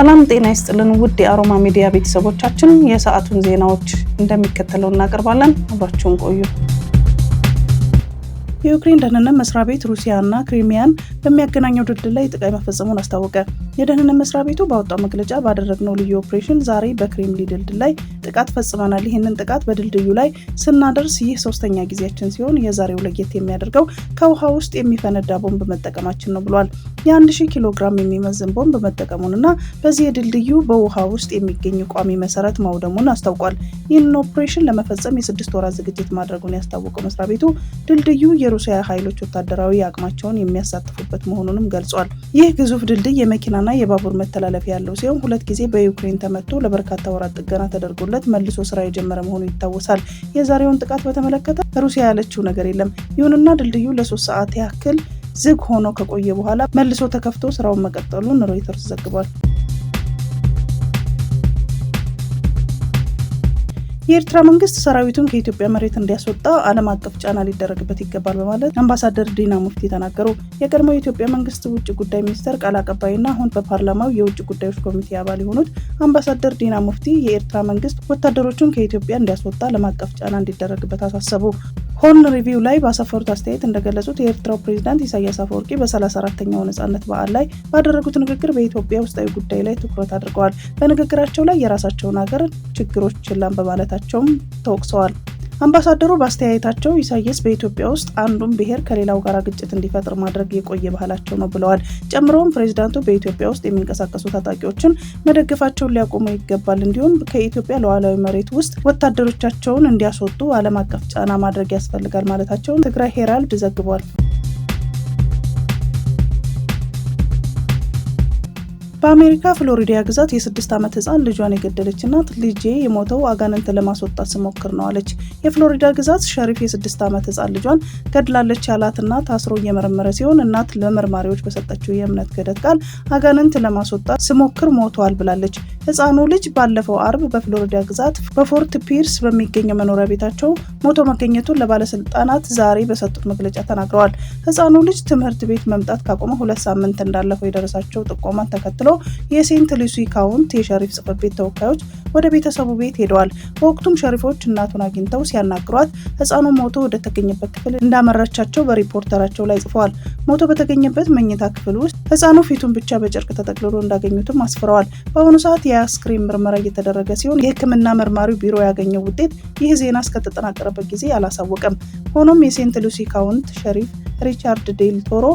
ሰላም ጤና ይስጥልን ውድ የአሮማ ሚዲያ ቤተሰቦቻችን፣ የሰዓቱን ዜናዎች እንደሚከተለው እናቀርባለን። አብራችሁን ቆዩ። የዩክሬን ደህንነት መስሪያ ቤት ሩሲያና ክሪሚያን በሚያገናኘው ድልድይ ላይ ጥቃት መፈጸሙን አስታወቀ። የደህንነት መስሪያ ቤቱ ባወጣው መግለጫ ባደረግነው ልዩ ኦፕሬሽን ዛሬ በክሬምሊ ድልድይ ላይ ጥቃት ፈጽመናል። ይህንን ጥቃት በድልድዩ ላይ ስናደርስ ይህ ሶስተኛ ጊዜያችን ሲሆን የዛሬው ለየት የሚያደርገው ከውሃ ውስጥ የሚፈነዳ ቦምብ መጠቀማችን ነው ብሏል። የ የ1000 ኪሎ ግራም የሚመዝን ቦምብ መጠቀሙንና በዚህ የድልድዩ በውሃ ውስጥ የሚገኝ ቋሚ መሰረት ማውደሙን አስታውቋል። ይህንን ኦፕሬሽን ለመፈጸም የስድስት ወራት ዝግጅት ማድረጉን ያስታወቀው መስሪያ ቤቱ ድልድዩ የሩሲያ ኃይሎች ወታደራዊ አቅማቸውን የሚያሳትፉበት መሆኑንም ገልጿል። ይህ ግዙፍ ድልድይ የመኪናና የባቡር መተላለፊያ ያለው ሲሆን ሁለት ጊዜ በዩክሬን ተመቶ ለበርካታ ወራት ጥገና ተደርጎለት መልሶ ስራ የጀመረ መሆኑ ይታወሳል። የዛሬውን ጥቃት በተመለከተ ሩሲያ ያለችው ነገር የለም። ይሁንና ድልድዩ ለሶስት ሰዓት ያክል ዝግ ሆኖ ከቆየ በኋላ መልሶ ተከፍቶ ስራውን መቀጠሉን ሮይተርስ ዘግቧል። የኤርትራ መንግስት ሰራዊቱን ከኢትዮጵያ መሬት እንዲያስወጣ ዓለም አቀፍ ጫና ሊደረግበት ይገባል በማለት አምባሳደር ዲና ሙፍቲ ተናገሩ። የቀድሞ የኢትዮጵያ መንግስት ውጭ ጉዳይ ሚኒስተር ቃል አቀባይና አሁን በፓርላማው የውጭ ጉዳዮች ኮሚቴ አባል የሆኑት አምባሳደር ዲና ሙፍቲ የኤርትራ መንግስት ወታደሮቹን ከኢትዮጵያ እንዲያስወጣ ዓለም አቀፍ ጫና እንዲደረግበት አሳሰቡ። ሆርን ሪቪው ላይ ባሰፈሩት አስተያየት እንደገለጹት የኤርትራው ፕሬዚዳንት ኢሳያስ አፈወርቂ በ34ተኛው ነጻነት በዓል ላይ ባደረጉት ንግግር በኢትዮጵያ ውስጣዊ ጉዳይ ላይ ትኩረት አድርገዋል። በንግግራቸው ላይ የራሳቸውን ሀገር ችግሮች ችላን በማለታቸውም ተወቅሰዋል። አምባሳደሩ በአስተያየታቸው ኢሳያስ በኢትዮጵያ ውስጥ አንዱን ብሔር ከሌላው ጋር ግጭት እንዲፈጥር ማድረግ የቆየ ባህላቸው ነው ብለዋል። ጨምረውም ፕሬዚዳንቱ በኢትዮጵያ ውስጥ የሚንቀሳቀሱ ታጣቂዎችን መደገፋቸውን ሊያቆሙ ይገባል፣ እንዲሁም ከኢትዮጵያ ሉዓላዊ መሬት ውስጥ ወታደሮቻቸውን እንዲያስወጡ ዓለም አቀፍ ጫና ማድረግ ያስፈልጋል ማለታቸውን ትግራይ ሄራልድ ዘግቧል። በአሜሪካ ፍሎሪዳ ግዛት የስድስት ዓመት ህፃን ልጇን የገደለች እናት ልጄ የሞተው አጋንንት ለማስወጣት ስሞክር ነው አለች። የፍሎሪዳ ግዛት ሸሪፍ የስድስት ዓመት ህፃን ልጇን ገድላለች ያላት እናት ታስሮ እየመረመረ ሲሆን እናት ለመርማሪዎች በሰጠችው የእምነት ክህደት ቃል አጋንንት ለማስወጣት ስሞክር ሞቷል ብላለች። ህፃኑ ልጅ ባለፈው አርብ በፍሎሪዳ ግዛት በፎርት ፒርስ በሚገኝ መኖሪያ ቤታቸው ሞቶ መገኘቱን ለባለስልጣናት ዛሬ በሰጡት መግለጫ ተናግረዋል። ህፃኑ ልጅ ትምህርት ቤት መምጣት ካቆመ ሁለት ሳምንት እንዳለፈው የደረሳቸው ጥቆማን ተከትሎ የሴንት ሉሲ ካውንት የሸሪፍ ጽሕፈት ቤት ተወካዮች ወደ ቤተሰቡ ቤት ሄደዋል። በወቅቱም ሸሪፎች እናቱን አግኝተው ሲያናግሯት ህፃኑ ሞቶ ወደተገኘበት ክፍል እንዳመራቻቸው በሪፖርተራቸው ላይ ጽፈዋል። ሞቶ በተገኘበት መኝታ ክፍል ውስጥ ህፃኑ ፊቱን ብቻ በጨርቅ ተጠቅልሎ እንዳገኙትም አስፍረዋል። በአሁኑ ሰዓት የአስክሬን ምርመራ እየተደረገ ሲሆን የሕክምና መርማሪው ቢሮ ያገኘው ውጤት ይህ ዜና እስከተጠናቀረበት ጊዜ አላሳወቀም። ሆኖም የሴንት ሉሲ ካውንት ሸሪፍ ሪቻርድ ዴል ቶሮ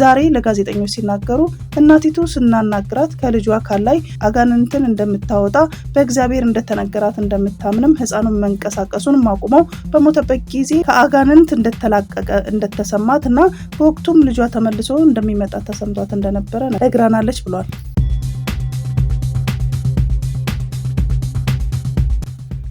ዛሬ ለጋዜጠኞች ሲናገሩ እናቲቱ ስናናግራት ከልጇ አካል ላይ አጋንንትን እንደምታወጣ በእግዚአብሔር እንደተነገራት እንደምታምንም ህፃኑን መንቀሳቀሱን ማቁመው በሞተበት ጊዜ ከአጋንንት እንደተላቀቀ እንደተሰማት እና በወቅቱም ልጇ ተመልሶ እንደሚመጣ ተሰምቷት እንደነበረ ነግራናለች ብሏል።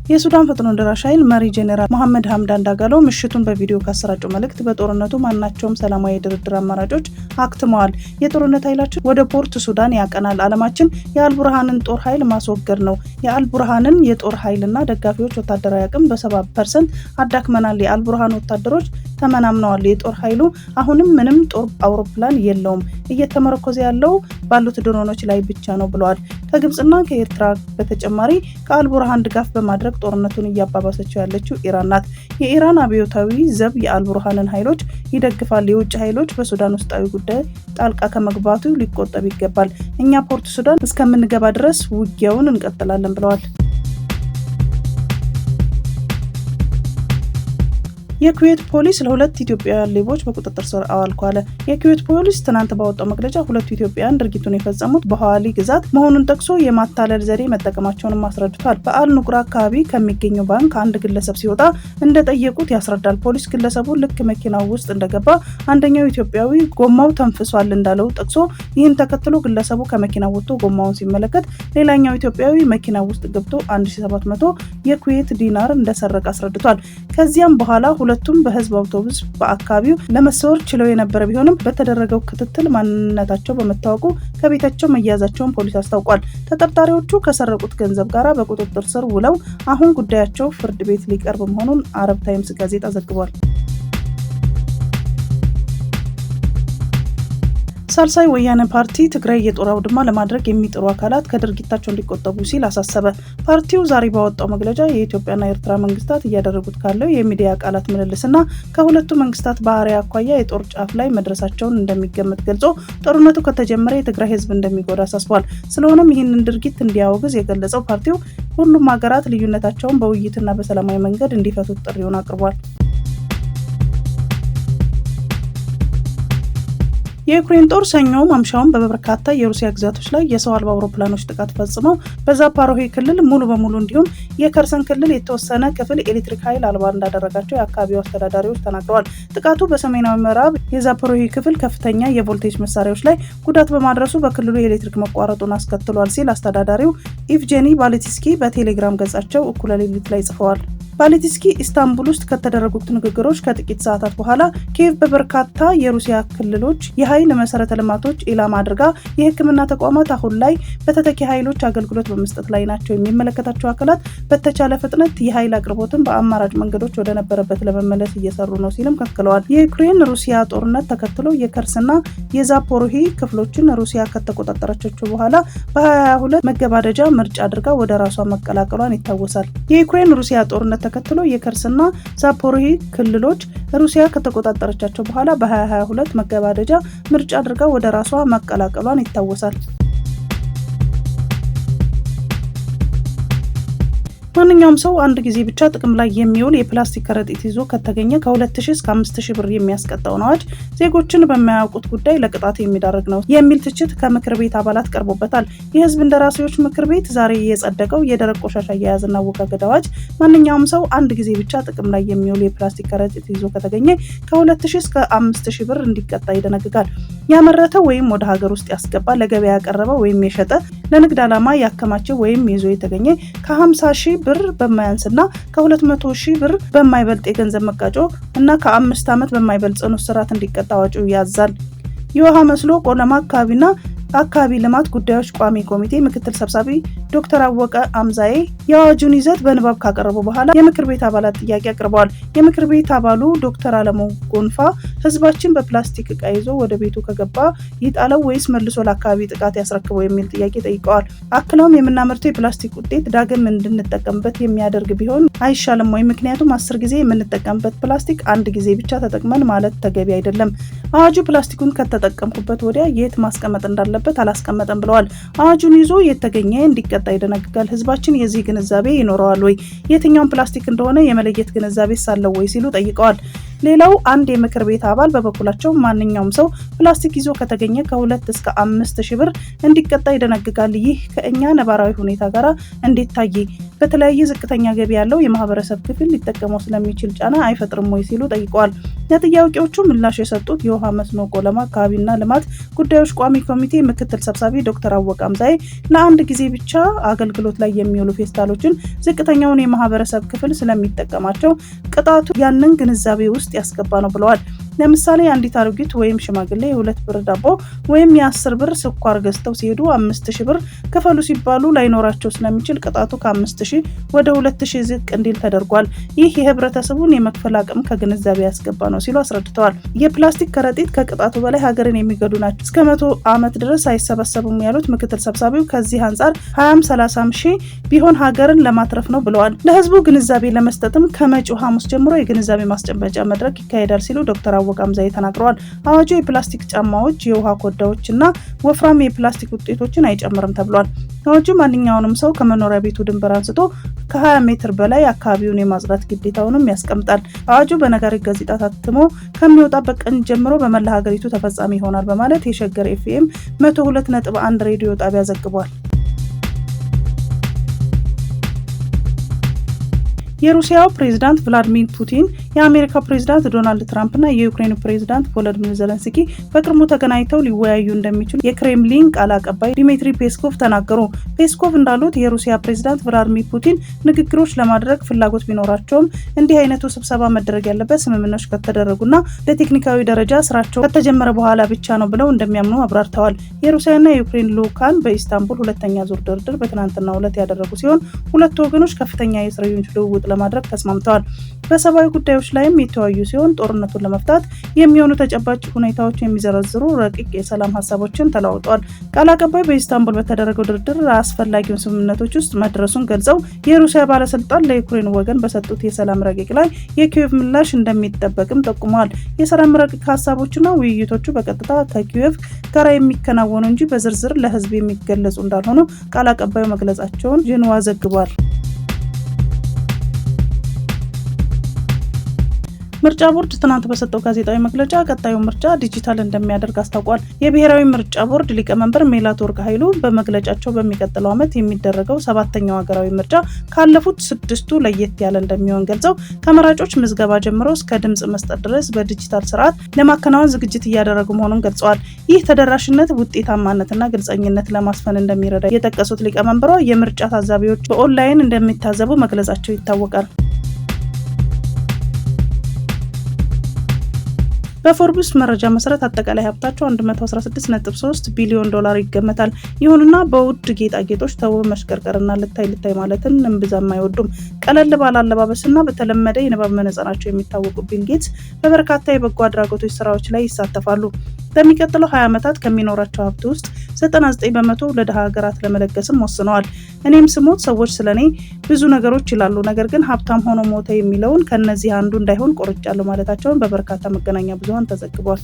የሱዳን ፈጥኖ ደራሽ ኃይል መሪ ጄኔራል መሐመድ ሀምዳን ዳጋሎ ምሽቱን በቪዲዮ ካሰራጨው መልእክት በጦርነቱ ማናቸውም ሰላማዊ የድርድር አማራጮች አክትመዋል። የጦርነት ኃይላችን ወደ ፖርት ሱዳን ያቀናል። አለማችን የአልቡርሃንን ጦር ኃይል ማስወገድ ነው። የአልቡርሃንን የጦር ኃይልና ደጋፊዎች ወታደራዊ አቅም በ ፐርሰንት አዳክመናል። የአልቡርሃን ወታደሮች ተመናምነዋል። የጦር ኃይሉ አሁንም ምንም ጦር አውሮፕላን የለውም፣ እየተመረኮዘ ያለው ባሉት ድሮኖች ላይ ብቻ ነው ብለዋል። ከግብፅና ከኤርትራ በተጨማሪ ከአልቡርሃን ድጋፍ በማድረግ ጦርነቱን እያባባሰችው ያለችው ኢራን ናት። የኢራን አብዮታዊ ዘብ የአልቡርሃንን ኃይሎች ይደግፋል። የውጭ ኃይሎች በሱዳን ውስጣዊ ጉዳይ ጣልቃ ከመግባቱ ሊቆጠብ ይገባል። እኛ ፖርት ሱዳን እስከምንገባ ድረስ ውጊያውን እንቀጥላለን ብለዋል። የኩዌት ፖሊስ ለሁለት ኢትዮጵያውያን ሌቦች በቁጥጥር ስር አዋልኳለ። የኩዌት ፖሊስ ትናንት ባወጣው መግለጫ ሁለቱ ኢትዮጵያውያን ድርጊቱን የፈጸሙት በሐዋሊ ግዛት መሆኑን ጠቅሶ የማታለል ዘዴ መጠቀማቸውንም አስረድቷል። በአል ኑቁር አካባቢ ከሚገኘው ባንክ አንድ ግለሰብ ሲወጣ እንደጠየቁት ያስረዳል። ፖሊስ ግለሰቡ ልክ መኪናው ውስጥ እንደገባ አንደኛው ኢትዮጵያዊ ጎማው ተንፍሷል እንዳለው ጠቅሶ ይህን ተከትሎ ግለሰቡ ከመኪና ወጥቶ ጎማውን ሲመለከት ሌላኛው ኢትዮጵያዊ መኪና ውስጥ ገብቶ 1700 የኩዌት ዲናር እንደሰረቀ አስረድቷል። ከዚያም በኋላ ሁለቱም በህዝብ አውቶቡስ በአካባቢው ለመሰወር ችለው የነበረ ቢሆንም በተደረገው ክትትል ማንነታቸው በመታወቁ ከቤታቸው መያዛቸውን ፖሊስ አስታውቋል። ተጠርጣሪዎቹ ከሰረቁት ገንዘብ ጋር በቁጥጥር ስር ውለው አሁን ጉዳያቸው ፍርድ ቤት ሊቀርብ መሆኑን አረብ ታይምስ ጋዜጣ ዘግቧል። ሳልሳይ ወያነ ፓርቲ ትግራይ የጦር አውድማ ለማድረግ የሚጥሩ አካላት ከድርጊታቸው እንዲቆጠቡ ሲል አሳሰበ። ፓርቲው ዛሬ ባወጣው መግለጫ የኢትዮጵያና የኤርትራ መንግስታት እያደረጉት ካለው የሚዲያ ቃላት ምልልስና ከሁለቱ መንግስታት ባህሪ አኳያ የጦር ጫፍ ላይ መድረሳቸውን እንደሚገመት ገልጾ ጦርነቱ ከተጀመረ የትግራይ ህዝብ እንደሚጎዳ አሳስቧል። ስለሆነም ይህንን ድርጊት እንዲያወግዝ የገለጸው ፓርቲው ሁሉም ሀገራት ልዩነታቸውን በውይይትና በሰላማዊ መንገድ እንዲፈቱት ጥሪውን አቅርቧል። የዩክሬን ጦር ሰኞ ማምሻውን በበርካታ የሩሲያ ግዛቶች ላይ የሰው አልባ አውሮፕላኖች ጥቃት ፈጽመው በዛፓሮሄ ክልል ሙሉ በሙሉ እንዲሁም የከርሰን ክልል የተወሰነ ክፍል ኤሌክትሪክ ኃይል አልባ እንዳደረጋቸው የአካባቢው አስተዳዳሪዎች ተናግረዋል። ጥቃቱ በሰሜናዊ ምዕራብ የዛፓሮሄ ክፍል ከፍተኛ የቮልቴጅ መሳሪያዎች ላይ ጉዳት በማድረሱ በክልሉ የኤሌክትሪክ መቋረጡን አስከትሏል ሲል አስተዳዳሪው ኢቭጄኒ ባሌቲስኪ በቴሌግራም ገጻቸው እኩለ ሌሊት ላይ ጽፈዋል። ባሌቲስኪ ኢስታንቡል ውስጥ ከተደረጉት ንግግሮች ከጥቂት ሰዓታት በኋላ ኪየቭ በበርካታ የሩሲያ ክልሎች የኃይል መሰረተ ልማቶች ኢላማ አድርጋ የሕክምና ተቋማት አሁን ላይ በተተኪ ኃይሎች አገልግሎት በመስጠት ላይ ናቸው። የሚመለከታቸው አካላት በተቻለ ፍጥነት የኃይል አቅርቦትን በአማራጭ መንገዶች ወደነበረበት ለመመለስ እየሰሩ ነው ሲልም ከክለዋል። የዩክሬን ሩሲያ ጦርነት ተከትሎ የከርስና የዛፖሮሂ ክፍሎችን ሩሲያ ከተቆጣጠረቻቸው በኋላ በ22 መገባደጃ ምርጫ አድርጋ ወደ ራሷ መቀላቀሏን ይታወሳል። የዩክሬን ሩሲያ ጦርነት ተከትሎ የከርስና ዛፖሮሂ ክልሎች ሩሲያ ከተቆጣጠረቻቸው በኋላ በ2022 መገባደጃ ምርጫ አድርጋ ወደ ራሷ ማቀላቀሏን ይታወሳል። ማንኛውም ሰው አንድ ጊዜ ብቻ ጥቅም ላይ የሚውል የፕላስቲክ ከረጢት ይዞ ከተገኘ ከ2000 እስከ 5000 ብር የሚያስቀጣውን አዋጅ ዜጎችን በማያውቁት ጉዳይ ለቅጣት የሚዳርግ ነው የሚል ትችት ከምክር ቤት አባላት ቀርቦበታል። የህዝብ እንደራሴዎች ምክር ቤት ዛሬ የጸደቀው የደረቅ ቆሻሻ አያያዝና አወጋገድ አዋጅ ማንኛውም ሰው አንድ ጊዜ ብቻ ጥቅም ላይ የሚውል የፕላስቲክ ከረጢት ይዞ ከተገኘ ከ2000 እስከ 5000 ብር እንዲቀጣ ይደነግጋል። ያመረተ ወይም ወደ ሀገር ውስጥ ያስገባ፣ ለገበያ ያቀረበ ወይም የሸጠ፣ ለንግድ ዓላማ ያከማቸው ወይም ይዞ የተገኘ ከ50 ሺህ ብር በማያንስና ከ200 ሺህ ብር በማይበልጥ የገንዘብ መቀጮ እና ከአምስት ዓመት በማይበልጥ ጽኑ እስራት እንዲቀጣ አዋጁ ያዛል። የውሃ መስሎ ቆለማ አካባቢና አካባቢ ልማት ጉዳዮች ቋሚ ኮሚቴ ምክትል ሰብሳቢ ዶክተር አወቀ አምዛዬ የአዋጁን ይዘት በንባብ ካቀረቡ በኋላ የምክር ቤት አባላት ጥያቄ አቅርበዋል። የምክር ቤት አባሉ ዶክተር አለሙ ጎንፋ ህዝባችን በፕላስቲክ እቃ ይዞ ወደ ቤቱ ከገባ ይጣለው ወይስ መልሶ ለአካባቢ ጥቃት ያስረክበው የሚል ጥያቄ ጠይቀዋል። አክለውም የምናመርተው የፕላስቲክ ውጤት ዳግም እንድንጠቀምበት የሚያደርግ ቢሆን አይሻልም ወይ? ምክንያቱም አስር ጊዜ የምንጠቀምበት ፕላስቲክ አንድ ጊዜ ብቻ ተጠቅመን ማለት ተገቢ አይደለም። አዋጁ ፕላስቲኩን ከተጠቀምኩበት ወዲያ የት ማስቀመጥ እንዳለበት እንዳለበት አላስቀመጠም ብለዋል። አዋጁን ይዞ የተገኘ እንዲቀጣ ይደነግጋል። ህዝባችን የዚህ ግንዛቤ ይኖረዋል ወይ? የትኛውን ፕላስቲክ እንደሆነ የመለየት ግንዛቤ ሳለው ወይ ሲሉ ጠይቀዋል። ሌላው አንድ የምክር ቤት አባል በበኩላቸው ማንኛውም ሰው ፕላስቲክ ይዞ ከተገኘ ከሁለት እስከ አምስት ሺህ ብር እንዲቀጣ ይደነግጋል። ይህ ከእኛ ነባራዊ ሁኔታ ጋር እንዴት ታየ? በተለያየ ዝቅተኛ ገቢ ያለው የማህበረሰብ ክፍል ሊጠቀመው ስለሚችል ጫና አይፈጥርም ወይ ሲሉ ጠይቀዋል። ለጥያቄዎቹ ምላሽ የሰጡት የውሃ መስኖ ቆለማ፣ አካባቢና ልማት ጉዳዮች ቋሚ ኮሚቴ ምክትል ሰብሳቢ ዶክተር አወቀ አምዛዬ ለአንድ ጊዜ ብቻ አገልግሎት ላይ የሚውሉ ፌስታሎችን ዝቅተኛውን የማህበረሰብ ክፍል ስለሚጠቀማቸው ቅጣቱ ያንን ግንዛቤ ውስጥ ያስገባ ነው ብለዋል። ለምሳሌ አንዲት አሮጊት ወይም ሽማግሌ የሁለት ብር ዳቦ ወይም የአስር ብር ስኳር ገዝተው ሲሄዱ አምስት ሺ ብር ክፈሉ ሲባሉ ላይኖራቸው ስለሚችል ቅጣቱ ከአምስት ሺህ ወደ ሁለት ሺህ ዝቅ እንዲል ተደርጓል። ይህ የህብረተሰቡን የመክፈል አቅም ከግንዛቤ ያስገባ ነው ሲሉ አስረድተዋል። የፕላስቲክ ከረጢት ከቅጣቱ በላይ ሀገርን የሚገዱ ናቸው፣ እስከ መቶ ዓመት ድረስ አይሰበሰቡም ያሉት ምክትል ሰብሳቢው ከዚህ አንጻር ሀያም ሰላሳም ሺህ ቢሆን ሀገርን ለማትረፍ ነው ብለዋል። ለህዝቡ ግንዛቤ ለመስጠትም ከመጪው ሐሙስ ጀምሮ የግንዛቤ ማስጨበጫ መድረክ ይካሄዳል ሲሉ ዶክተር እንደሚታወቅ አምዛዬ ተናግረዋል። አዋጁ የፕላስቲክ ጫማዎች፣ የውሃ እና ወፍራም የፕላስቲክ ውጤቶችን አይጨምርም ተብሏል። አዋጁ ማንኛውንም ሰው ከመኖሪያ ቤቱ ድንበር አንስቶ ከ20 ሜትር በላይ አካባቢውን የማጽዳት ግዴታውንም ያስቀምጣል። አዋጁ በነጋሪት ጋዜጣ ታትሞ ከሚወጣበት ቀን ጀምሮ በመላ ሀገሪቱ ተፈጻሚ ይሆናል በማለት የሸገር ኤፍኤም 102.1 ሬዲዮ ጣቢያ ዘግቧል። የሩሲያው ፕሬዚዳንት ቭላዲሚር ፑቲን የአሜሪካ ፕሬዚዳንት ዶናልድ እና የዩክሬኑ ፕሬዚዳንት ቮሎዲሚር ዘለንስኪ በቅርቡ ተገናኝተው ሊወያዩ እንደሚችሉ የክሬምሊን ቃል አቀባይ ዲሚትሪ ፔስኮቭ ተናገሩ። ፔስኮቭ እንዳሉት የሩሲያ ፕሬዚዳንት ቭላዲሚር ፑቲን ንግግሮች ለማድረግ ፍላጎት ቢኖራቸውም እንዲህ አይነቱ ስብሰባ መደረግ ያለበት ስምምነቶች ከተደረጉና በቴክኒካዊ ደረጃ ስራቸው ከተጀመረ በኋላ ብቻ ነው ብለው እንደሚያምኑ አብራርተዋል። የሩሲያና የዩክሬን ልኡካን በኢስታንቡል ሁለተኛ ዙር ድርድር በትናንትናው ዕለት ያደረጉ ሲሆን ሁለቱ ወገኖች ከፍተኛ የእስረኞች ልውውጥ ለማድረግ ተስማምተዋል። በሰብአዊ ጉዳዮች ላይም የተወያዩ ሲሆን ጦርነቱን ለመፍታት የሚሆኑ ተጨባጭ ሁኔታዎች የሚዘረዝሩ ረቂቅ የሰላም ሀሳቦችን ተለዋውጠዋል። ቃል አቀባይ በኢስታንቡል በተደረገው ድርድር አስፈላጊውን ስምምነቶች ውስጥ መድረሱን ገልጸው የሩሲያ ባለስልጣን ለዩክሬን ወገን በሰጡት የሰላም ረቂቅ ላይ የኪየቭ ምላሽ እንደሚጠበቅም ጠቁመዋል። የሰላም ረቂቅ ሀሳቦችና ውይይቶቹ በቀጥታ ከኪየቭ ጋር የሚከናወኑ እንጂ በዝርዝር ለህዝብ የሚገለጹ እንዳልሆኑ ቃል አቀባዩ መግለጻቸውን ጀንዋ ዘግቧል። ምርጫ ቦርድ ትናንት በሰጠው ጋዜጣዊ መግለጫ ቀጣዩን ምርጫ ዲጂታል እንደሚያደርግ አስታውቋል። የብሔራዊ ምርጫ ቦርድ ሊቀመንበር ሜላትወርቅ ኃይሉ በመግለጫቸው በሚቀጥለው ዓመት የሚደረገው ሰባተኛው ሀገራዊ ምርጫ ካለፉት ስድስቱ ለየት ያለ እንደሚሆን ገልጸው ከመራጮች ምዝገባ ጀምሮ እስከ ድምፅ መስጠት ድረስ በዲጂታል ስርዓት ለማከናወን ዝግጅት እያደረጉ መሆኑን ገልጸዋል። ይህ ተደራሽነት፣ ውጤታማነትና ግልጸኝነት ለማስፈን እንደሚረዳ የጠቀሱት ሊቀመንበሯ የምርጫ ታዛቢዎች በኦንላይን እንደሚታዘቡ መግለጻቸው ይታወቃል። በፎርብስ መረጃ መሰረት አጠቃላይ ሀብታቸው 116.3 ቢሊዮን ዶላር ይገመታል። ይሁንና በውድ ጌጣጌጦች ተው መሽቀርቀርና ልታይ ልታይ ማለትን እምብዛም አይወዱም። ቀለል ባለ አለባበስና በተለመደ የንባብ መነጽራቸው የሚታወቁ ቢል ጌትስ በበርካታ የበጎ አድራጎቶች ስራዎች ላይ ይሳተፋሉ። በሚቀጥለው 20 ዓመታት ከሚኖራቸው ሀብት ውስጥ 99 በመቶ ለድሃ ሀገራት ለመለገስም ወስነዋል። እኔም ስሞት ሰዎች ስለ እኔ ብዙ ነገሮች ይላሉ፣ ነገር ግን ሀብታም ሆኖ ሞተ የሚለውን ከነዚህ አንዱ እንዳይሆን ቆርጫለሁ ማለታቸውን በበርካታ መገናኛ ብዙሀን ተዘግቧል።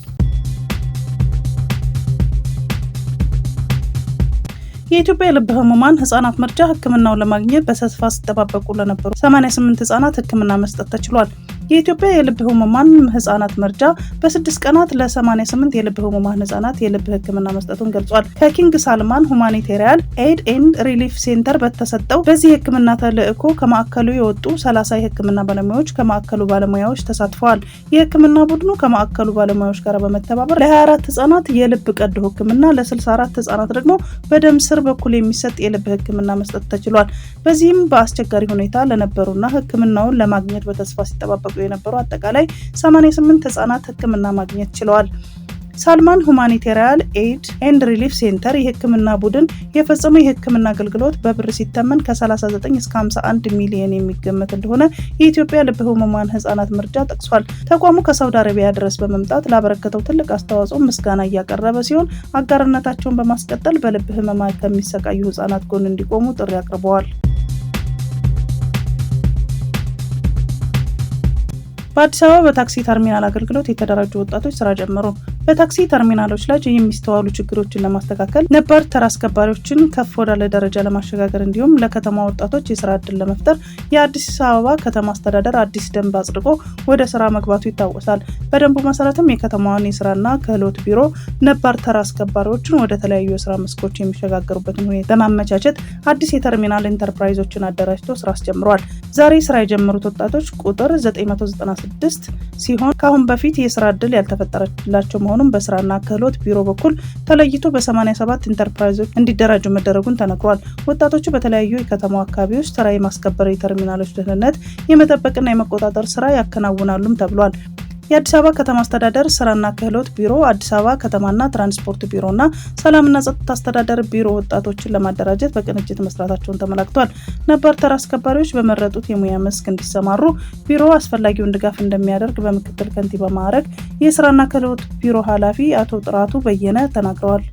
የኢትዮጵያ የልብ ህሙማን ህጻናት መርጃ ህክምናውን ለማግኘት በተስፋ ሲጠባበቁ ለነበሩ 88 ህጻናት ህክምና መስጠት ተችሏል። የኢትዮጵያ የልብ ህሙማን ህጻናት መርጃ በስድስት ቀናት ለ88 የልብ ህሙማን ህጻናት የልብ ህክምና መስጠቱን ገልጿል። ከኪንግ ሳልማን ሁማኒቴሪያን ኤድ ኤንድ ሪሊፍ ሴንተር በተሰጠው በዚህ ህክምና ተልእኮ ከማዕከሉ የወጡ 30 የህክምና ባለሙያዎች ከማዕከሉ ባለሙያዎች ተሳትፈዋል። የህክምና ቡድኑ ከማዕከሉ ባለሙያዎች ጋር በመተባበር ለ24 ህጻናት የልብ ቀዶ ህክምና፣ ለ64 ህጻናት ደግሞ በደም ስር በኩል የሚሰጥ የልብ ህክምና መስጠት ተችሏል። በዚህም በአስቸጋሪ ሁኔታ ለነበሩና ህክምናውን ለማግኘት በተስፋ ሲጠባበቁ የነበሩ አጠቃላይ 88 ህጻናት ህክምና ማግኘት ችለዋል። ሳልማን ሁማኒቴሪያል ኤድ ኤንድ ሪሊፍ ሴንተር የህክምና ቡድን የፈጸመው የህክምና አገልግሎት በብር ሲተመን ከ39 እስከ 51 ሚሊዮን የሚገመት እንደሆነ የኢትዮጵያ ልብ ህሙማን ህጻናት ምርጃ ጠቅሷል። ተቋሙ ከሳውዲ አረቢያ ድረስ በመምጣት ላበረከተው ትልቅ አስተዋጽኦ ምስጋና እያቀረበ ሲሆን አጋርነታቸውን በማስቀጠል በልብ ህመማ ከሚሰቃዩ ህጻናት ጎን እንዲቆሙ ጥሪ አቅርበዋል። በአዲስ አበባ በታክሲ ተርሚናል አገልግሎት የተደራጁ ወጣቶች ስራ ጀመሩ። በታክሲ ተርሚናሎች ላይ የሚስተዋሉ ችግሮችን ለማስተካከል፣ ነባር ተራ አስከባሪዎችን ከፍ ወዳለ ደረጃ ለማሸጋገር እንዲሁም ለከተማ ወጣቶች የስራ እድል ለመፍጠር የአዲስ አበባ ከተማ አስተዳደር አዲስ ደንብ አጽድቆ ወደ ስራ መግባቱ ይታወሳል። በደንቡ መሰረትም የከተማዋን የስራና ክህሎት ቢሮ ነባር ተራ አስከባሪዎችን ወደ ተለያዩ የስራ መስኮች የሚሸጋገሩበትን ሁኔታ በማመቻቸት አዲስ የተርሚናል ኢንተርፕራይዞችን አደራጅቶ ስራ አስጀምሯል። ዛሬ ስራ የጀመሩት ወጣቶች ቁጥር 996 ሲሆን ከአሁን በፊት የስራ እድል ያልተፈጠረላቸው በመሆኑም በስራና ክህሎት ቢሮ በኩል ተለይቶ በ87 ኢንተርፕራይዞች እንዲደራጁ መደረጉን ተነግሯል። ወጣቶቹ በተለያዩ የከተማው አካባቢዎች ስራ የማስከበር የተርሚናሎች ደህንነት የመጠበቅና የመቆጣጠር ስራ ያከናውናሉም ተብሏል። የአዲስ አበባ ከተማ አስተዳደር ስራና ክህሎት ቢሮ፣ አዲስ አበባ ከተማና ትራንስፖርት ቢሮና ሰላምና ጸጥታ አስተዳደር ቢሮ ወጣቶችን ለማደራጀት በቅንጅት መስራታቸውን ተመላክቷል። ነባር ተራ አስከባሪዎች በመረጡት የሙያ መስክ እንዲሰማሩ ቢሮ አስፈላጊውን ድጋፍ እንደሚያደርግ በምክትል ከንቲባ ማዕረግ የስራና ክህሎት ቢሮ ኃላፊ አቶ ጥራቱ በየነ ተናግረዋል።